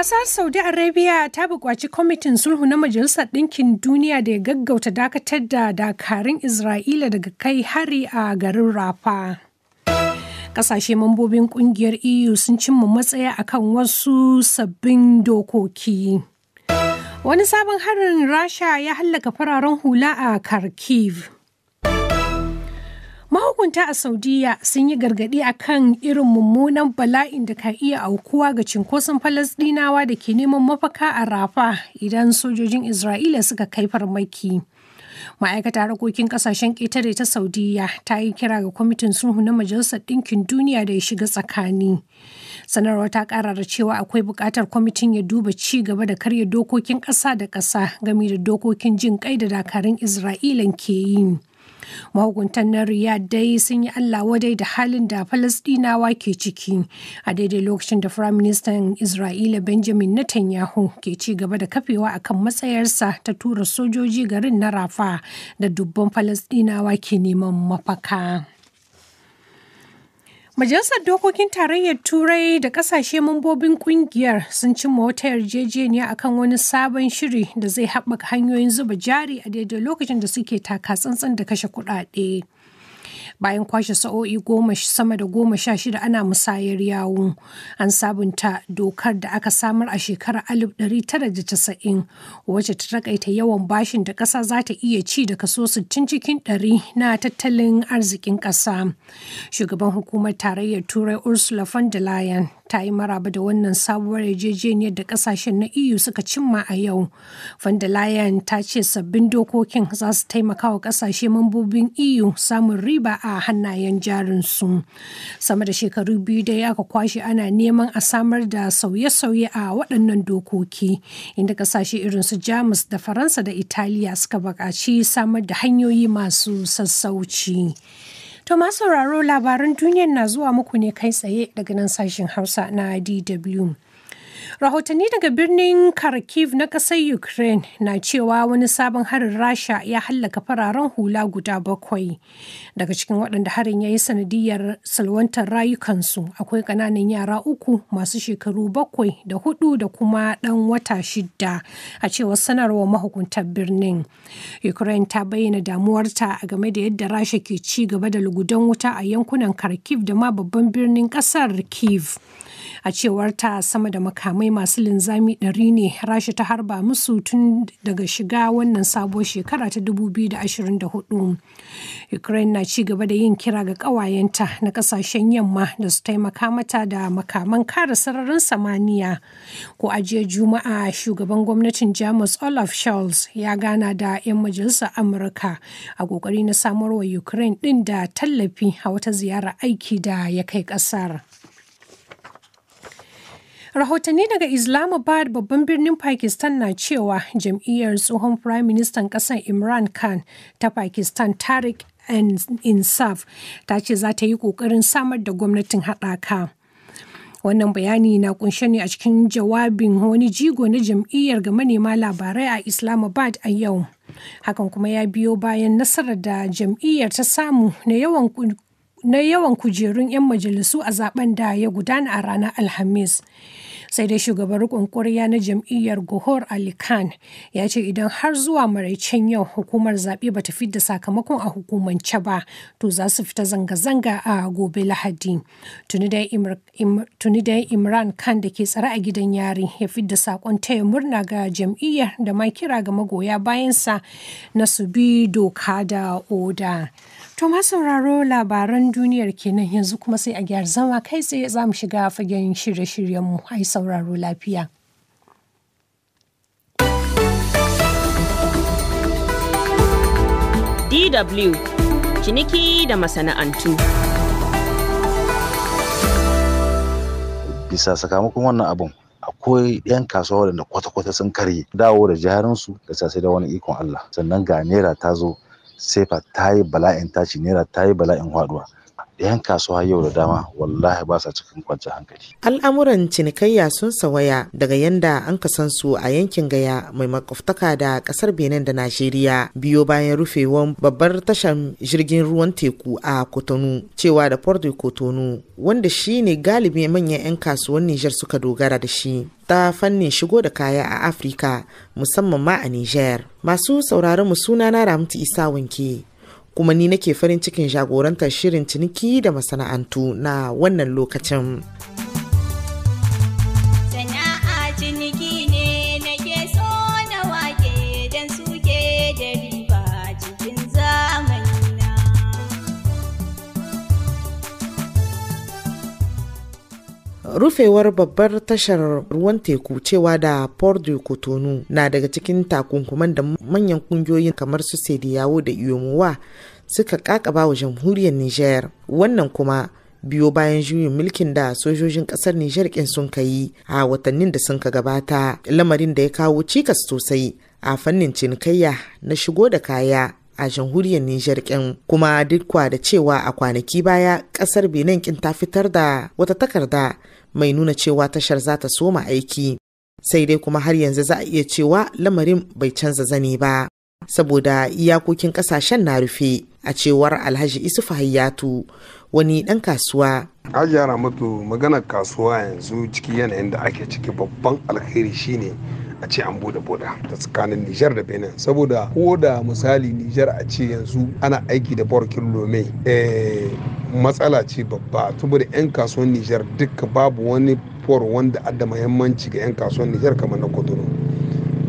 Ƙasar Saudi Arabia ta buƙaci kwamitin sulhu na Majalisar Ɗinkin Duniya da ya gaggauta dakatar da dakarun Isra'ila daga kai hari a garin Rafa. Ƙasashe mambobin ƙungiyar EU sun cimma matsaya a kan wasu sabbin dokoki. Wani sabon harin Rasha ya hallaka fararen hula a Kharkiv. mahukunta a Saudiya sun yi gargaɗi a kan irin mummunan bala'in da ka iya aukuwa ga cinkoson Falasdinawa da ke neman mafaka a Rafa idan sojojin Isra'ila suka kai farmaki. Ma'aikata, harkokin kasashen ƙetare ta Saudiya ta yi kira ga kwamitin sulhu na Majalisar Ɗinkin Duniya da ya shiga tsakani. Sanarwa ta ƙara da cewa akwai buƙatar kwamitin ya duba ci gaba da karya dokokin ƙasa da ƙasa game da dokokin jin ƙai da dakarun Isra'ilan ke yi. mahukuntan na riyad dai sun yi allah wadai da halin da falasdinawa ke ciki a daidai lokacin da firaministan isra'ila benjamin netanyahu ke ci gaba da kafewa akan matsayarsa ta tura sojoji garin na rafa da dubban falasdinawa ke neman mafaka. Majalisar Dokokin Tarayyar Turai da kasashe mambobin kungiyar sun cimma wata yarjejeniya akan wani sabon shiri da zai haɓaka hanyoyin zuba jari a daidai lokacin da suke taka tsantsan da kashe kuɗaɗe. bayan kwashe sa'o'i goma sama da goma sha shida ana musayar yawo an sabunta dokar da aka samar a shekarar alif tara da casa'in, wacce ta takaita yawan bashin da ƙasa za ta iya ci da kaso 60 cikin 100 na tattalin arzikin ƙasa shugaban hukumar tarayyar turai ursula von der leyen ta yi maraba da wannan sabuwar yarjejeniyar da kasashen na EU suka cimma a yau. Van der Leyen ta ce sabbin dokokin za su taimaka wa kasashe mambobin EU samun riba a hannayen jarinsu. Sama da shekaru biyu da aka kwashe ana neman a samar da sauye-sauye a waɗannan dokoki, inda kasashe irin su Jamus da Faransa da Italiya suka buƙaci samar da hanyoyi masu sassauci. To masu sauraro labaran duniyar na zuwa muku ne kai tsaye daga nan sashen Hausa na DW. Rahotanni daga birnin Kharkiv na kasar Ukraine na cewa wani sabon harin Rasha ya hallaka fararen hula guda bakwai. Daga cikin waɗanda harin ya yi sanadiyar salwantar rayukansu akwai ƙananan yara uku masu shekaru bakwai da hudu da kuma ɗan wata shidda a cewar sanarwar mahukuntar birnin. Ukraine ta bayyana damuwarta a game da yadda Rasha ke ci gaba da lugudan wuta a yankunan Kharkiv da ma babban birnin ƙasar kiv A cewar ta sama da makamai makamai masu linzami ɗari ne rasha ta harba musu tun daga shiga wannan sabuwar shekara ta 2024 ukraine na ci gaba da yin kira ga ƙawayenta na ƙasashen yamma da su taimaka mata da makaman kare sararin samaniya ko ajiye juma'a shugaban gwamnatin jamus olaf scholz ya gana da 'yan majalisar amurka a ƙoƙari na samarwa ukraine ɗin da tallafi a wata ziyara aiki da ya kai ƙasar. Rahotanni daga Islamabad babban birnin Pakistan na cewa jam'iyyar tsohon Firayim Ministan ƙasar Imran Khan ta Pakistan Tariq Insaf ta ce za ta yi ƙoƙarin samar da gwamnatin haɗaka. Wannan bayani na kunshe ne a cikin jawabin wani jigo na jam'iyyar ga manema labarai a Islamabad a yau. Hakan kuma ya biyo bayan nasarar da jam'iyyar ta samu na yawan na yawan kujerun 'yan majalisu a zaben da ya gudana a ranar Alhamis. Sai dai shugaban rikon ƙwarya na jam'iyyar Gohor Ali Khan ya ce idan har zuwa maraicen yau hukumar zaɓe ba ta fidda sakamakon a hukumance ba, to za su fita zanga-zanga a gobe Lahadi. Tuni dai Imran Khan da ke tsare a gidan yari ya fidda saƙon taya murna ga jam'iyyar da ma kira ga magoya bayansa na su bi doka da oda. To sauraro labaran duniyar kenan yanzu kuma sai a gyar zama kai tsaye za mu shiga fagen shirye-shiryenmu ai sauraro lafiya. DW ciniki da masana'antu. Bisa sakamakon wannan abun akwai 'yan kasuwa da kwata-kwata sun karye dawo da jiharinsu da sai da wani ikon Allah sannan ga naira ta zo sefa ta yi bala'in tashi naira ta yi bala'in haduwa 'yan kasuwa yau da dama wallahi ba sa cikin kwanciyar hankali. Al'amuran cinikayya sun sawaya daga yanda an kasan su a yankin Gaya mai makwabtaka da kasar Benin da Najeriya biyo bayan rufewar babbar tashar jirgin ruwan teku a Kotonu cewa da Port de Kotonu wanda shi ne galibi manyan 'yan kasuwan Nijar suka dogara da shi. ta fannin shigo da kaya a Afirka musamman ma a Nijar. Masu sauraron mu sunana na Ramtu Isa Wanke. kuma ni nake farin cikin jagorantar shirin ciniki da masana'antu na wannan lokacin. rufewar babbar tashar ruwan teku cewa da port de cotonou na daga cikin takunkuman da manyan kungiyoyin kamar su sediyawo da iyomowa suka kakaba wa jamhuriyar niger wannan kuma biyo bayan juyin mulkin da sojojin kasar niger kin sun kayi a watannin da sun ka gabata lamarin da ya kawo cikas sosai a fannin cinikayya na shigo da kaya a jamhuriyar Nijar kin kuma dukwa da cewa a kwanaki baya kasar Benin kin ta fitar da wata takarda mai nuna cewa tashar za ta soma aiki sai dai kuma har yanzu za a iya cewa lamarin bai canza zane ba saboda iyakokin kasashen na rufe a cewar alhaji isufu hayyatu wani dan kasuwa yana mutu maganar kasuwa yanzu ciki yanayin da ake ciki babban alheri shine a ce an bude boda ta tsakanin Nijar da Benin saboda ko da misali Nijar a ce yanzu ana aiki da bor kilomai matsala ce babba da 'yan kasuwan nijar duka babu wani for wanda adda mahimmanci ga 'yan kasuwan nijar kamar na kotunu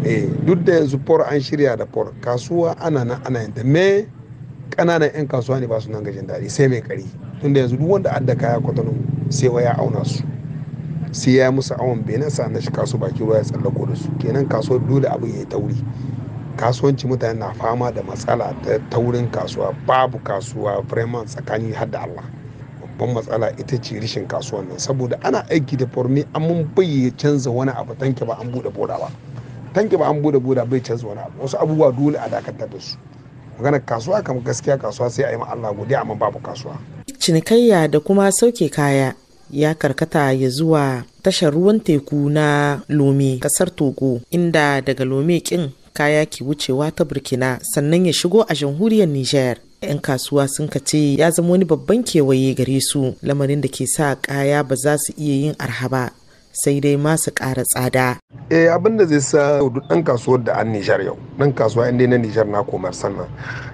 eh duk da yanzu por an shirya da por kasuwa ana nan ana yadda me kananan 'yan kasuwa ne ba su nan gajin daɗi sai mai kari da yanzu duk wanda adda kaya kotunu sai wa ya auna su sai ya musu awon benin sa'an na shi kasu baki ruwa ya tsallako da su kenan kasuwar dole abin ya yi tauri kasuwanci mutane na fama da matsala ta taurin kasuwa babu kasuwa vraiment tsakani har da Allah babban matsala ita ce rishin kasuwan nan saboda ana aiki da formi amma bai ya canza wani abu tanke ba an bude boda ba tanke ba an bude boda bai canza wani abu wasu abubuwa dole a dakatar da su magana kasuwa kam gaskiya kasuwa sai a yi ma Allah godiya amma babu kasuwa cinikayya da kuma sauke kaya ya karkata ya zuwa tashar ruwan teku na lome kasar togo inda daga lome kin kaya ke wucewa ta burkina sannan ya shigo a jamhuriyar nijar 'yan kasuwa sun kace ya zama wani babban kewaye gare su lamarin da ke sa kaya ba za su iya yin arha ba sai dai ma su kara tsada. Eh abin da zai sa duk ɗan kasuwar da an Nijar yau, ɗan kasuwa inda na Nijar na komar sannan.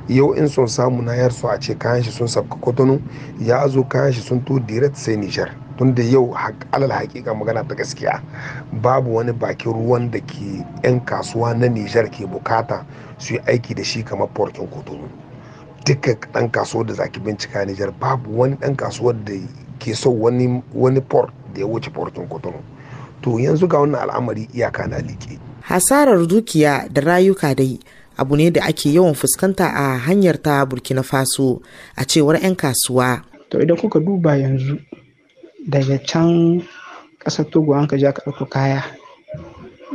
Yau in sun samu na yarsu a ce kayan shi sun sabka kotonu ya zo kayan shi sun to direct sai Nijar. tunda yau alal hakika magana ta gaskiya babu wani bakin ruwan da ke 'yan kasuwa na nijar ke bukata su yi aiki da shi kamar porkin kotonu duka dan kasuwar da zaki bincika nijar babu wani dan kasuwar da ke so wani wani port da ya wuce porkin kotonu to yanzu ga wannan al'amari iyaka na liƙe hasarar dukiya da rayuka dai abu ne da ake yawan fuskanta a hanyar ta burkina faso a cewar 'yan kasuwa to idan kuka duba yanzu daga can ƙasar togo an ka ja ka ɗauko kaya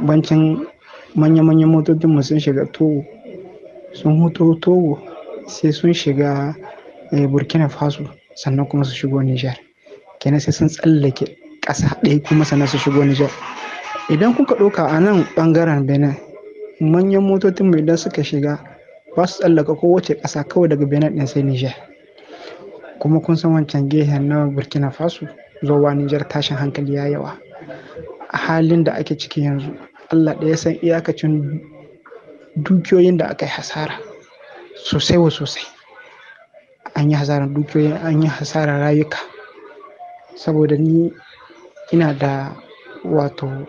bancin manya-manyan motocinmu sun shiga togo sun huto togo sai sun shiga eh, burkina faso sannan kuma su shigo nijar kenan sai sun tsallake ƙasa ɗaya kuma sannan su shigo nijar idan kuka ɗauka a nan ɓangaren benin manyan motocinmu idan suka shiga ba su tsallaka kowace ƙasa kawai daga benin ɗin sai nijar kuma kun san wancan gehen na burkina faso zowa Nijar tashin hankali ya yawa a halin da ake ciki yanzu Allah ɗaya san iyakacin dukiyoyin da aka yi hasara sosai wa sosai an yi hasarar dukiyoyin, an yi hasarar rayuka saboda ni ina da wato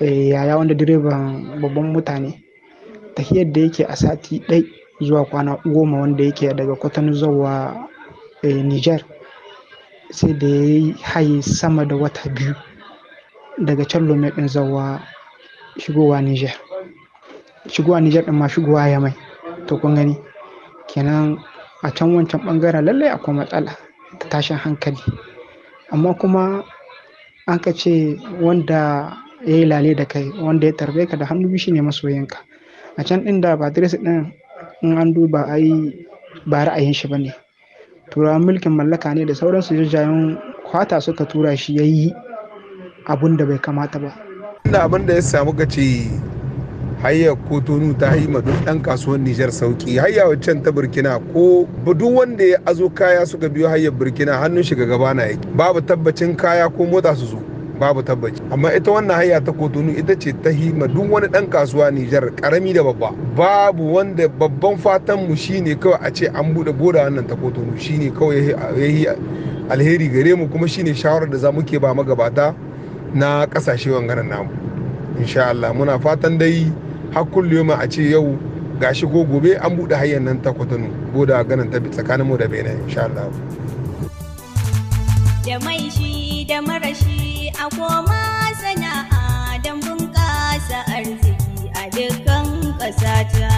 eh, yaya wanda direban babban mutane tafiyar da yake a sati ɗai zuwa kwana goma wanda yake daga kwatano zuwa eh, niger sai da ya yi haye sama da wata biyu daga can lome ɗin zawa shigowa niger shigowa niger ɗin ma shigowa ya mai to kun gani kenan a can wancan bangaren lallai akwai matsala ta tashin hankali amma kuma an ka ce wanda ya yi lale da kai wanda ya tarbe ka da hannu biyu shine masoyinka a can ɗin da ba diresi ɗin in an duba ai ba ra'ayin shi ba ne turawan mulkin mallaka ne da sauransu jajayen kwata suka tura shi ya yi abun da bai kamata ba inda abin da ya samu ka ce hayya ko ta yi duk ɗan kasuwan nijar sauki hayya waccan ta burkina ko duk wanda ya azo kaya suka biyo hayya burkina hannun shiga gaba na yake babu tabbacin kaya ko mota su zo babu tabbaci amma ita wannan hanya ta kotunu ita ce ta hima duk wani dan kasuwa Nijar karami da babba babu wanda babban fatan mu shine kawai a ce an bude boda wannan ta kotunu shine kawai yayi alheri gare mu kuma shine shawarar da za ke ba magabata na kasashe wangaren namu insha Allah muna fatan dai har kullum a ce yau gashi ko gobe an bude hanyar nan ta kotunu boda ganin ta tsakanin mu da benin insha Allah da mai shi da marashi a koma sana'a don bunƙasa arziki a dukkan ƙasata.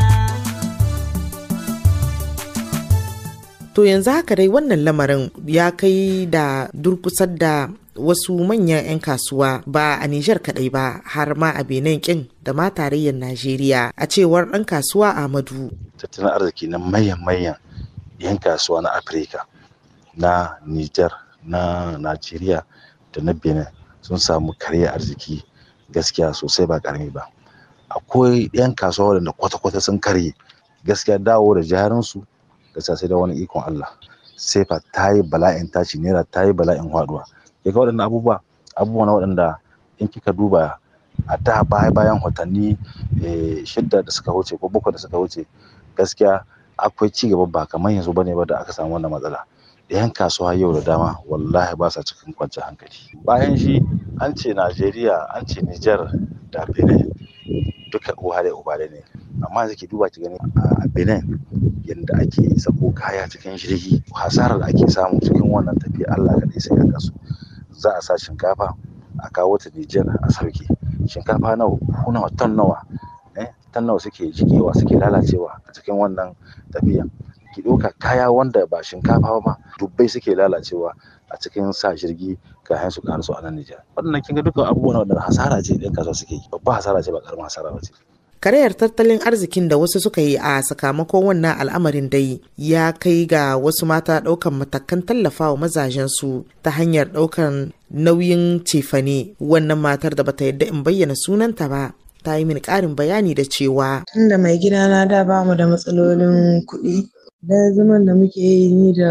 To yanzu haka dai wannan lamarin ya kai da durkusar da wasu manyan 'yan kasuwa ba a Nijar kaɗai ba har ma a Benin kin da ma tarayyar Najeriya a cewar ɗan kasuwa Ahmadu. Tattalin arziki na mayan mayan 'yan kasuwa na Afirka na Nijar na Najeriya da na Benin sun samu karya arziki gaskiya sosai ba karami ba akwai 'yan kasuwa waɗanda kwata-kwata sun karye gaskiya dawo da su gaskiya sai da wani ikon Allah sai ta tayi bala'in tashi naira tayi yi bala'in Ke daga waɗannan abubuwa abubuwa na waɗanda in kika duba a da baya bayan watanni eh, shidda da suka wuce ko bakwai da suka wuce gaskiya akwai ci gaba ba kamar yanzu bane ba da aka samu wannan matsala 'yan kasuwa yau da dama wallahi ba sa cikin kwanciyar hankali bayan shi an ce najeriya an ce niger da benin duka uwa da uba ne amma yanzu ke duba ki gani a benin yadda ake sako kaya cikin jirgi hasarar da ake samu cikin wannan tafiya allah kaɗai sai ya kasu za a sa shinkafa a kawo ta niger a sauke shinkafa nawa kuna ton nawa eh, tan nawa suke jikewa suke lalacewa a cikin wannan tafiyan ki ɗauka kaya wanda ba shinkafa ba dubbai suke lalacewa a cikin sa jirgi kayan su ga hansu a nan Nijar. Waɗannan kin ga dukkan abubuwan da hasara ce ɗin kasuwa suke yi babba hasara ce ba ƙaramin hasara ba ce. karayar tattalin arzikin da wasu suka yi a sakamakon wannan al'amarin dai ya kai ga wasu mata ɗaukan matakan tallafawa mazajensu ta hanyar ɗaukan nauyin cefane wannan matar da bata yadda in bayyana sunanta ba ta yi min ƙarin bayani da cewa tunda mai gida na da bamu da matsalolin kuɗi Dan zaman da muke yi ni da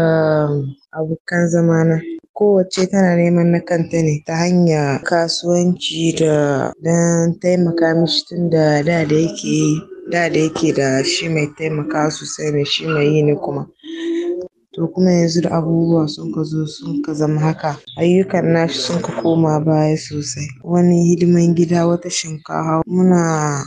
abokan zama zamana kowacce tana neman na kanta ne ta hanya kasuwanci da dan taimaka mishi tun da da da yake da da yake da shi mai taimaka sosai ne shi mai yi ne kuma to kuma yanzu da abubuwa sun ka zo sun ka zama haka ayyukan nashi sun ka koma baya sosai wani hidiman gida wata shinkafa muna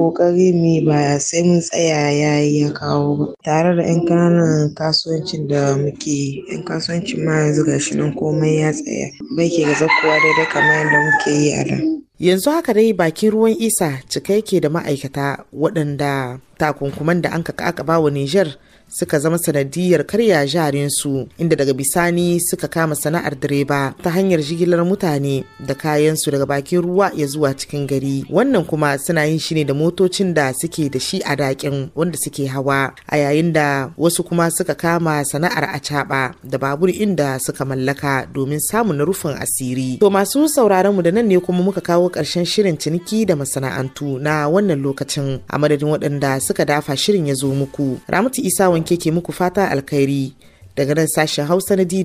ƙoƙari mu yi ba sai mun tsaya ya yi ya kawo ba tare da 'yan ƙananan kasuwancin da muke yi 'yan kasuwancin ma yanzu ga shi nan komai ya tsaya bai ke ga zakkowa daidai kamar yadda muke yi a da. yanzu haka dai bakin ruwan isa cika yake da ma'aikata waɗanda takunkuman da an ka aka bawa Nijar suka zama sanadiyar karya jarinsu inda daga bisani suka kama sana'ar direba ta hanyar jigilar mutane da kayansu daga bakin ruwa ya zuwa cikin gari wannan kuma suna yin shi ne da motocin da suke da shi a dakin wanda suke hawa a yayin da wasu kuma suka kama sana'ar acaɓa da babur inda suka mallaka domin samun na rufin asiri to masu sauraron mu da nan ne kuma muka kawo ƙarshen shirin ciniki da masana'antu na wannan lokacin a madadin waɗanda suka dafa shirin ya zo muku ramatu isa wanke ke muku fata alkhairi daga nan sashen hausa na dw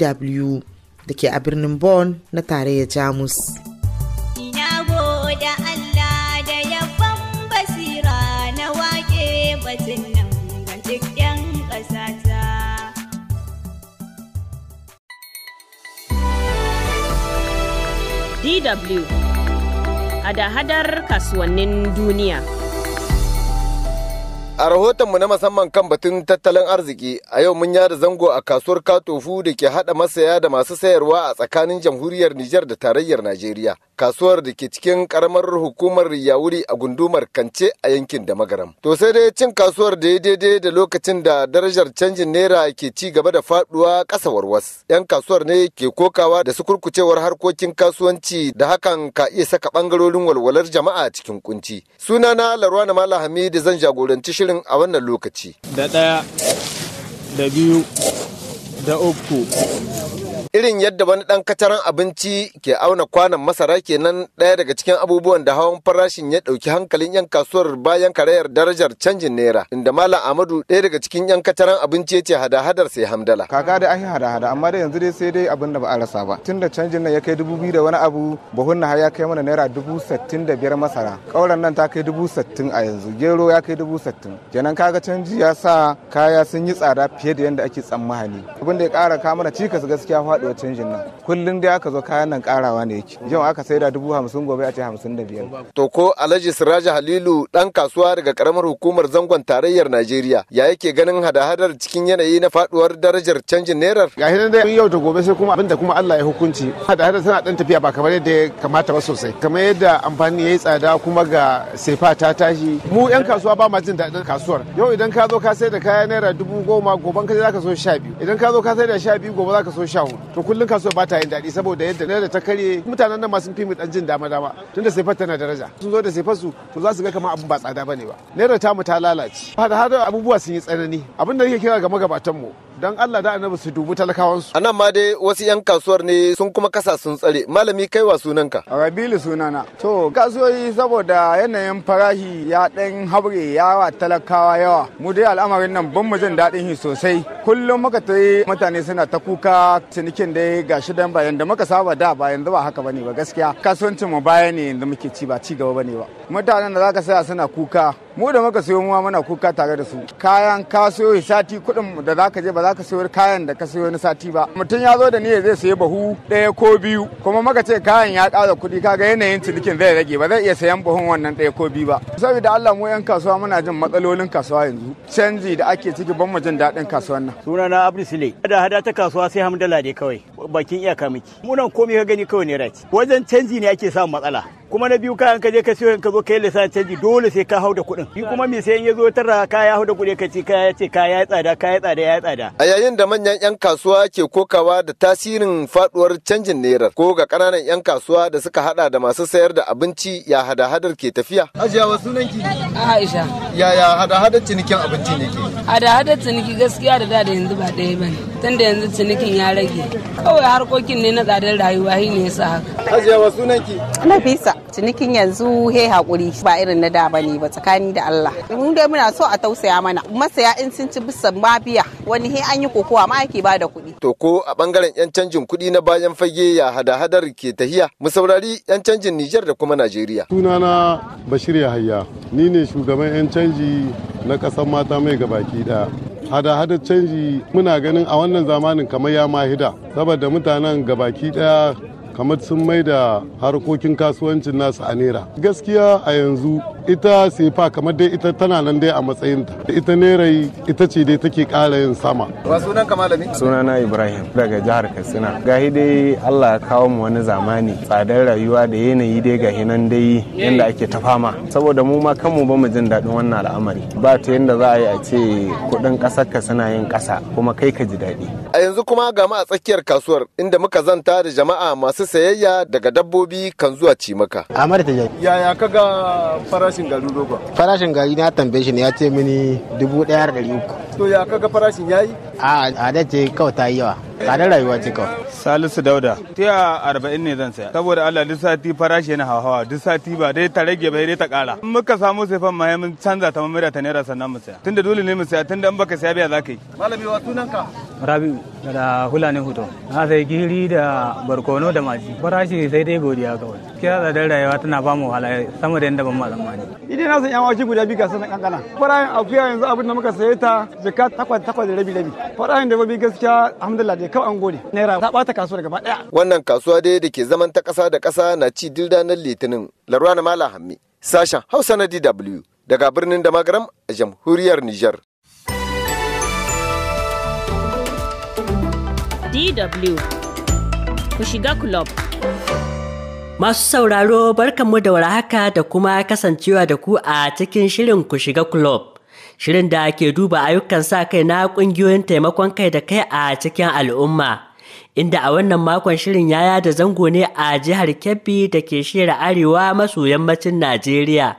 da ke a birnin Bon na tarayyar jamus ina basira dw hada-hadar kasuwannin duniya A rahotonmu na musamman kan batun tattalin arziki, a yau mun yada zango a kasuwar katofu da ke haɗa masaya da masu sayarwa a tsakanin jamhuriyar Nijar da tarayyar Najeriya. kasuwar da ke cikin karamar hukumar yawuri a gundumar kance a yankin da magaram to sai dai cin kasuwar da ya daidai da lokacin da darajar canjin naira ke ci gaba da faduwa ƙasa warwas yan kasuwar ne ke kokawa da su kurkucewar harkokin kasuwanci da hakan ka iya saka bangarorin walwalar jama'a cikin kunci sunana larwana mala hamidu zan jagoranci shirin a wannan lokaci da ɗaya da biyu da uku irin yadda wani ɗan kataran abinci ke auna kwanan masara kenan ɗaya daga cikin abubuwan da hawan farashin ya ɗauki hankalin 'yan kasuwar bayan karayar darajar canjin naira inda malam amadu ɗaya daga cikin 'yan kataran abinci ya ce hada-hadar sai hamdala kaka da an hada-hada amma da yanzu dai sai dai abin da ba a rasa ba tunda canjin nan ya kai dubu biyu da wani abu buhun na ya kai mana naira dubu sittin da biyar masara ƙauran nan ta kai dubu sittin a yanzu gero ya kai dubu sittin kenan kaga canji ya sa kaya sun yi tsada fiye da yadda ake tsammani abin da ya ƙara kamana cikas gaskiya faɗi faɗuwa canjin nan kullum dai aka zo kayan nan karawa ne yake yau aka saida dubu hamsin gobe a ce hamsin da biyar. to ko alhaji siraja halilu ɗan kasuwa daga karamar hukumar zangon tarayyar najeriya ya yake ganin hada-hadar cikin yanayi na faɗuwar darajar canjin nerar. ga shi dai yau da gobe sai kuma abin da kuma allah ya hukunci hada-hadar tana ɗan tafiya ba kamar yadda ya kamata ba sosai kamar yadda amfani ya yi tsada kuma ga sefa ta tashi mu 'yan kasuwa ba ma jin daɗin kasuwar yau idan ka zo ka sai da kaya naira dubu goma goban ka za ka so sha biyu idan ka zo ka sai da sha biyu gobe za ka so sha hudu to kullum kasuwa ba ta yin daɗi saboda yadda da ta karye mutanen nan ma sun fi mu dan jin dama dama tunda sefar tana daraja sun zo da sefar su to za su ga kamar abin ba tsada bane ba naira ta mu ta lalace har hada abubuwa sun yi tsanani abin da yake kira ga magabatan mu don Allah da annabi su dubi talakawansu. A nan ma dai wasu 'yan kasuwar ne sun kuma kasa sun tsare malami kaiwa sunanka. Rabilu sunana. To kasuwoyi saboda yanayin farashi ya ɗan haure yawa talakawa yawa. Mu dai al'amarin nan ban mu jin daɗin shi sosai. Kullum muka tayi mutane suna ta kuka cinikin dai gashi dan bayan da muka saba da bayan yanzu ba haka bane ba gaskiya. Kasuwancin mu baya ne yanzu muke ci ba ci gaba bane ba. Mutanen da zaka saya suna kuka mu da muka sayo muwa muna kuka tare da su. Kayan kasuwoyi sati kuɗin da zaka je ba za ka siyo kayan da ka sayo na sati ba mutum ya zo da niyyar zai sayi bahu ɗaya ko biyu kuma maka ce kayan ya ƙara kuɗi kaga yanayin cinikin zai rage ba zai iya sayan buhun wannan ɗaya ko biyu ba saboda Allah mu yan kasuwa muna jin matsalolin kasuwa yanzu canji da ake ciki ban mu jin daɗin kasuwan nan sunana Abdul sile da hada ta kasuwa sai hamdala ne kawai bakin iyaka miki munan komai ka gani kawai ne rat wajen canji ne ake samun matsala kuma na biyu kayan ka je ka siyo ka zo kai lissafin canji dole sai ka hau da kuɗin shi kuma mai sayan ya zo tara kaya hau da kuɗi ka ce kaya ce kaya ya tsada kaya tsada ya tsada a yayin da manyan yan kasuwa ke kokawa da tasirin faduwar canjin naira ko ga kananan yan kasuwa da suka hada da masu sayar da abinci ya hada hadar ke tafiya ajiya wa ki. aisha yaya hada hadar cinikin abinci ne ke. hada hadar ciniki gaskiya da da yanzu ba ɗaya bane tunda yanzu cinikin ya rage kawai harkokin ne na tsadar rayuwa shi ne yasa haka ajiya wa ki nafisa cinikin yanzu he hakuri ba irin na da ba ne ba tsakani da Allah mun dai muna so a tausaya mana masaya in sun ci bisa mabiya. wani he an yi kokowa ma ake ba da kuɗi to ko a bangaren yan canjin kuɗi na bayan fage ya hada-hadar ke tahiya mu saurari yan canjin Nijar da kuma Najeriya sunana Bashir Yahaya ni ne shugaban yan canji na ƙasar mata mai gabaki daya hada-hada canji muna ganin a wannan zamanin kamar ya mahida saboda mutanen gabaki daya kamar sun mai da harkokin kasuwancin nasu a naira gaskiya a yanzu ita sefa kamar dai ita tana nan dai a matsayinta ita ne rai ita ce dai take ƙara yin sama ba sunan ka malami sunana ibrahim daga jihar katsina gahi dai allah ya kawo mu wani zamani tsadar rayuwa da yanayi dai gahi nan dai yanda ake ta fama saboda mu ma kanmu ba mu jin daɗin wannan al'amari ba ta yanda za a yi a ce kuɗin ƙasar ka suna yin ƙasa kuma kai ka ji daɗi a yanzu kuma ga ma a tsakiyar kasuwar inda muka zanta da jama'a masu sayayya daga dabbobi kan zuwa cimaka. amarta ta Yaya ga farashi farashin gari na tambaye shi ne ya ce mini dubu ɗaya da ɗari uku to ya kaga farashin yayi a ada ce kawai ta yi yawa da rayuwa ce kawai salisu dauda tiya arba'in ne zan saya saboda allah duk sati farashi yana hawa duk sati ba dai ta rage bai dai ta kara in muka samu sai fan ma mun canza ta mamira ta naira sannan mu saya tunda dole ne mu saya tunda in baka saya biya za ka yi malami wa ka rabi da hulani hoto na sai giri da barkono da maji farashi sai dai godiya kawai kira tsadar rayuwa tana ba mu wahala sama da yadda ban ma ne. idan na san yan wake guda biyu ga sanan kankana farayin akuya yanzu abin da muka saye ta jika takwas takwas da rabi rabi faɗaɗin dabbobi gaskiya alhamdulillah da kawai an gode naira ta bata kasuwar gaba ɗaya. wannan kasuwa dai da ke zaman ta ƙasa da ƙasa na ci dildanan litinin larwa na mala hammi sashen hausa na dw daga birnin damagaram a jamhuriyar niger. DW ku shiga club. Masu sauraro barkanmu da warhaka da kuma kasancewa da ku a cikin shirin ku shiga club. shirin da ake duba ayyukan sa kai na ƙungiyoyin taimakon kai da kai a cikin al'umma. Inda a wannan makon shirin yaya da zango ne a jihar Kebbi da ke shira arewa maso yammacin Najeriya.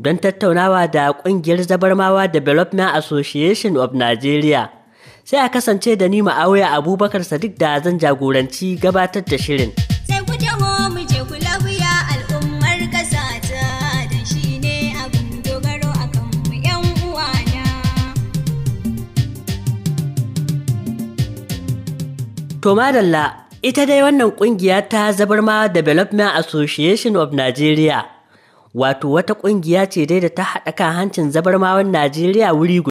Don tattaunawa da ƙungiyar Zabarmawa Development Association of Nigeria. Sai a kasance da ni ma'auya Abubakar Sadiq da zan jagoranci gabatar da shirin. To madalla, ita dai wannan kungiya ta ma Development Association of Nigeria, wato wata kungiya ce dai da ta haɗa kan hancin Zabarmawar Najeriya wuri guda.